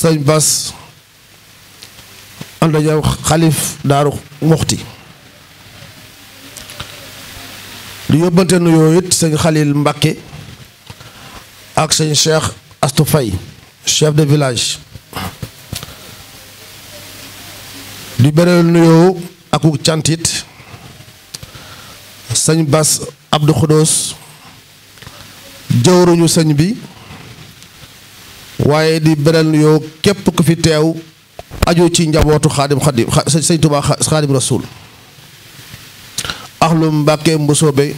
sëñ Bas ànd ak yow xalif Daaru Muxti di yóbbante nuyoo it sëñ Xalil Mbàkke ak sëñ Cheikh Astou Faye chef de village di bereel nuyoo aku cantit sëñ Bas Abdou Khoudous jëwruñu sëñ bi waaye di beral nuyoo képp ku fi teew aju ci njabootu xaadim xaadim sëñ Tuubaa xaadim rasuul axlu Mbàkke Mbusoobe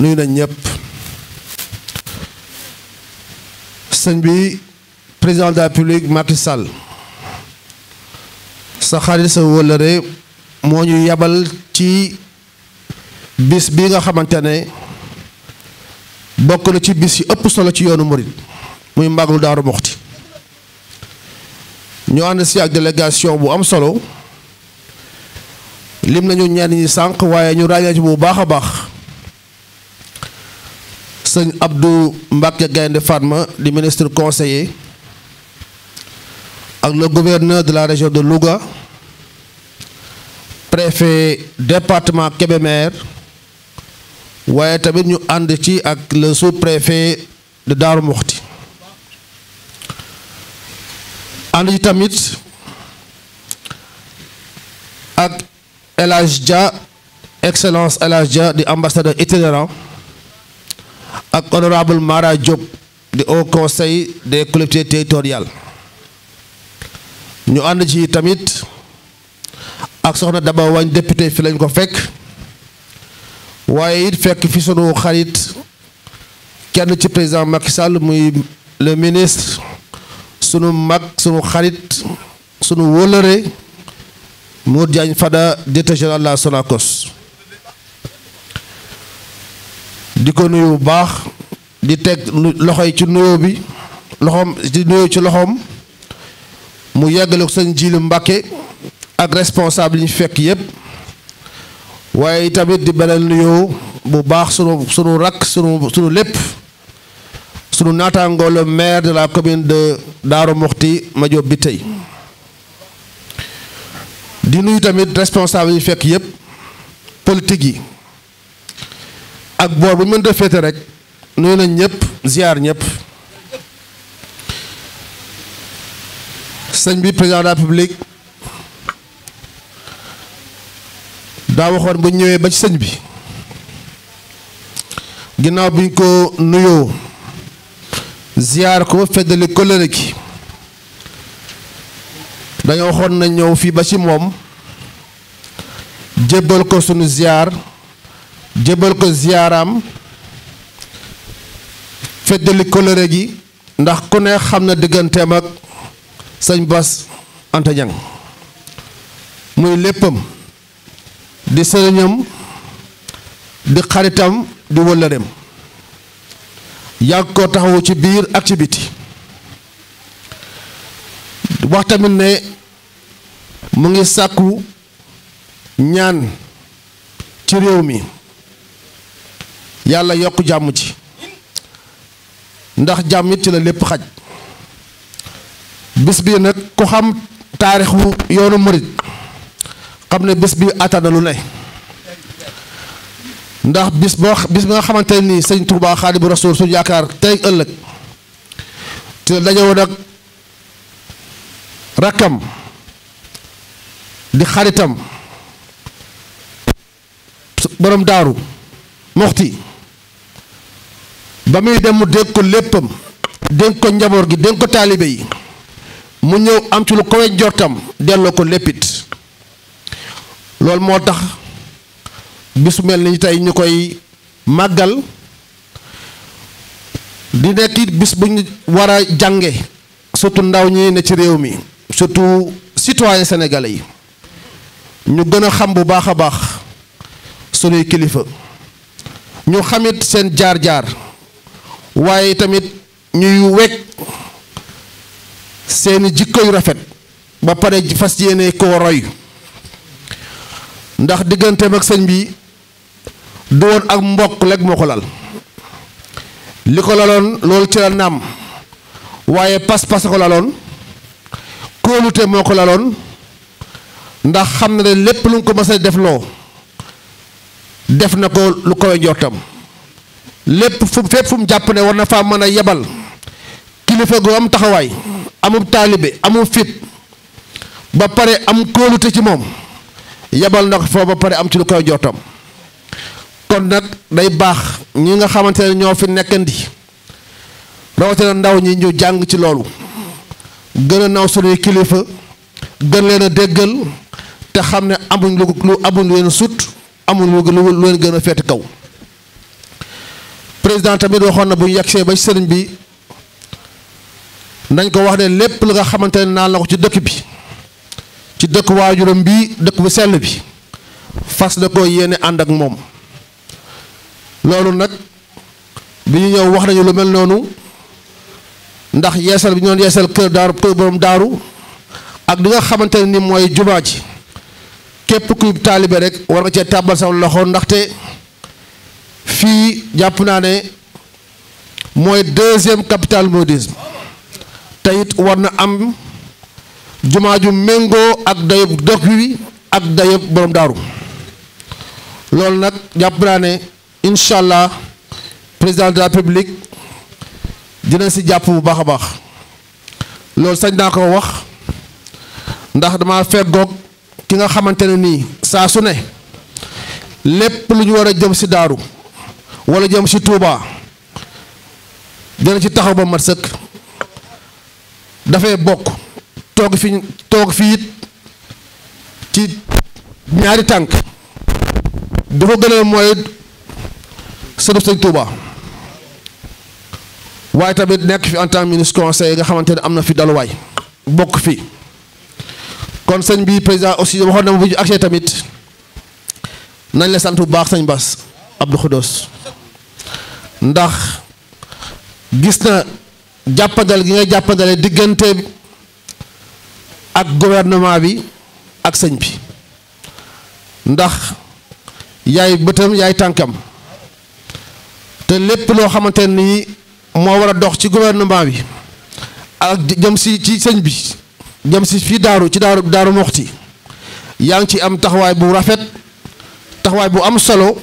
nuyu nañ ñëpp sëñ bi président de la République Macky Sall sa xarit sa wëllëre moo ñu yabal ci bis bi nga xamante ne bokk na ci bis yi ëpp solo ci yoonu murit muy màggalu Daaru Moxti ñu ànd si ak délégation bu am solo lim nañu ñenn ñi sànq waaye ñu ràññee bu baax a baax sëñ Abdou Mbacke Gaynde Fatma di ministre conseiller ak le gouverneur de la région de Louga préfet département Kébémer waaye tamit ñu ànd ci ak le sous-préfet de Darou Mokhti ànd ci tamit ak El Hadj Dia excellence El Hadj Dia di ambassadeur itinérant ak honorable Mara Diop di haut conseil des collectivités territoriales ñu ànd ci tamit ak soxna Daba Wañ député fi lañ ko fekk waaye it fekk fi sunu xarit kenn ci président Macky Sall muy le ministre sunu mag sunu xarit sunu wóllëre Modou Diagne Fada directeur général la Sonacos di ko nuyu bu baax di teg loxo yi ci nuyoo bi loxoom di nuyoo ci loxoom mu yeggale ko seen jiilu Mbàkke ak responsable yi fekk yépp waaye tamit di beneen nuyoo bu baax sunu sunu rakk sunu lépp sunu naataangoo le maire de la commune de Darou Mokhti Madiop bi tey di nuyu tamit responsable yu fekk yépp politique yi ak boor bu mën a féete rek nuyu nañ ñëpp ziar ñëpp sëñ bi président de la République daa waxoon bu ñëwee ba ci sëñ bi ginnaaw bi ñu ko nuyoo. ziyaar ko feddali kóllëre gi dañoo waxoon na ñëw fii ba ci moom jébbal ko sunu ziyaar jébbal ko ziyaaraam feddali kóllëre gi ndax ku ne xam na digganteem ak sëñ Bass Anta Niang muy léppam di sëriñam di xaritam di wëllëreem yàgg koo taxawu ci biir ak ci biti wax tamit ne mu ngi sàkku ñaan ci réew mi yàlla yokk jàmm ci ndax jàmm ci la lépp xaj bis bii nag ku xam taarixu yoonu murit xam ne bis bi atana lu ne ndax bis boo bis bi nga xamante nii sëñ Touba Xaadimu Rasuul suñu yaakaar tey ëllëg te dajewoon ak rakkam di xaritam borom daaru moxti ba muy dem mu dénk ko léppam dénk ko njaboot gi dénk ko taalibe yi mu ñëw am ci lu kowe jortam delloo ko léppit loolu moo tax bisu mel ni tey ñu koy màggal di nekk it bis bu ñu war a jànge surtout ndaw ñi ne ci réew mi surtout citoyen sénégalais yi ñu gën a xam bu baax a baax sunuy kilifa ñu xamit seen jaar-jaar waaye tamit ñuy wekk seeni jikko rafet ba pare fas yéene koo roy ndax digganteem ak sëñ bi du woon ak mbokk lekk moo ko lal li ko laloon loolu ci la naam waaye pas-pas ko laloon kóolute moo ko laloon ndax xam na ne lépp lu nga ko mës a def loo def na ko lu kawe njortam lépp fu fépp fu mu jàpp ne war na faa mën a yebal kilifa gu am taxawaay amub taalibe amub fit ba pare am kóolute ci moom yebal ndax ko ba pare am ci lu kawe njortam kon nag day baax ñi nga xamante ne ñoo fi nekkandi rawatina ndaw ñi ñu jàng ci loolu gën a naw suñuy kilifa gën leen a déggal te xam ne amuñ lu lu amuñ leen sut amuñ lu leen gën a feeti kaw président tamit waxoon na bu ñu yegsee ba sëriñ bi nañ ko wax ne lépp lu nga xamante naa naan ko ci dëkk bi ci dëkk waajuram bii dëkk bu sell bi fas na ko yéene ànd ak moom loolu nag bi ñu ñëw wax nañu lu mel noonu ndax yeesal bi ñu doon yeesal kër daaru kër borom daaru ak li nga xamante ni mooy jumaa ji képp kuy taalibe rek war nga cee tàbbal sa loxo ndaxte fii jàpp naa ne mooy deuxième capitale mouridisme te it war na am jumaa ju méngoo ak dayob dëkk wi ak dayob borom daaru loolu nag jàpp naa ne incha allah président de la République dina si jàpp bu baax a baax loolu sañ naa ko wax ndax dama feggoog ki nga xamante ne nii saa su ne lépp lu ñu war a jëm si daaru walla jëm si Touba dina ci taxaw ba mat sëkk dafay bokk toog fi toog fii it ci ñaari tànk dafa gënal mooy sëtub sëñ Touba waaye tamit nekk fi en tant que ministre conseil nga xamante ne am na fi daluwaay bokk fi kon sëñ bi président aussi waxoon na ma bu ñu agsee tamit nañ la sant bu baax sañ bas Abdou Khoudous ndax gis na jàppandal gi nga jàppandale diggante ak gouvernement bi ak sëñ bi ndax yaay bëtam yaay tànkam te lépp loo xamante nii moo war a dox ci gouvernement bi ak jëm si ci sëñ bi jëm si fii daaru ci daaru daaru moxti yaa ngi ci am taxawaay bu rafet taxawaay bu am solo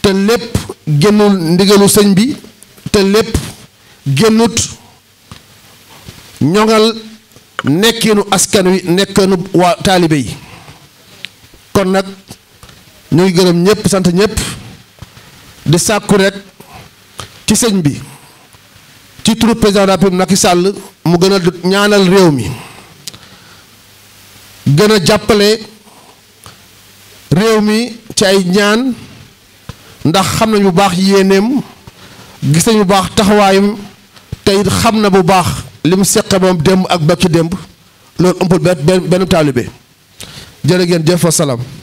te lépp génnul ndigalu sëñ bi te lépp génnut ñoŋal nekkinu askan wi nekkinu waa taalibe yi kon nag ñu ngi gërëm ñépp sant ñëpp di sàkku rek ci sëñ bi ci turu président de la République Macky mu gën a ñaanal réew mi gën a jàppale réew mi ci ay ñaan ndax xam nañ bu baax yéeneem gis nañ bu baax taxawaayam te it xam na bu baax li mu seqe moom démb ak bakki démb loolu ëmpul benn benn taalibe jërë ngeen jëf wa salaam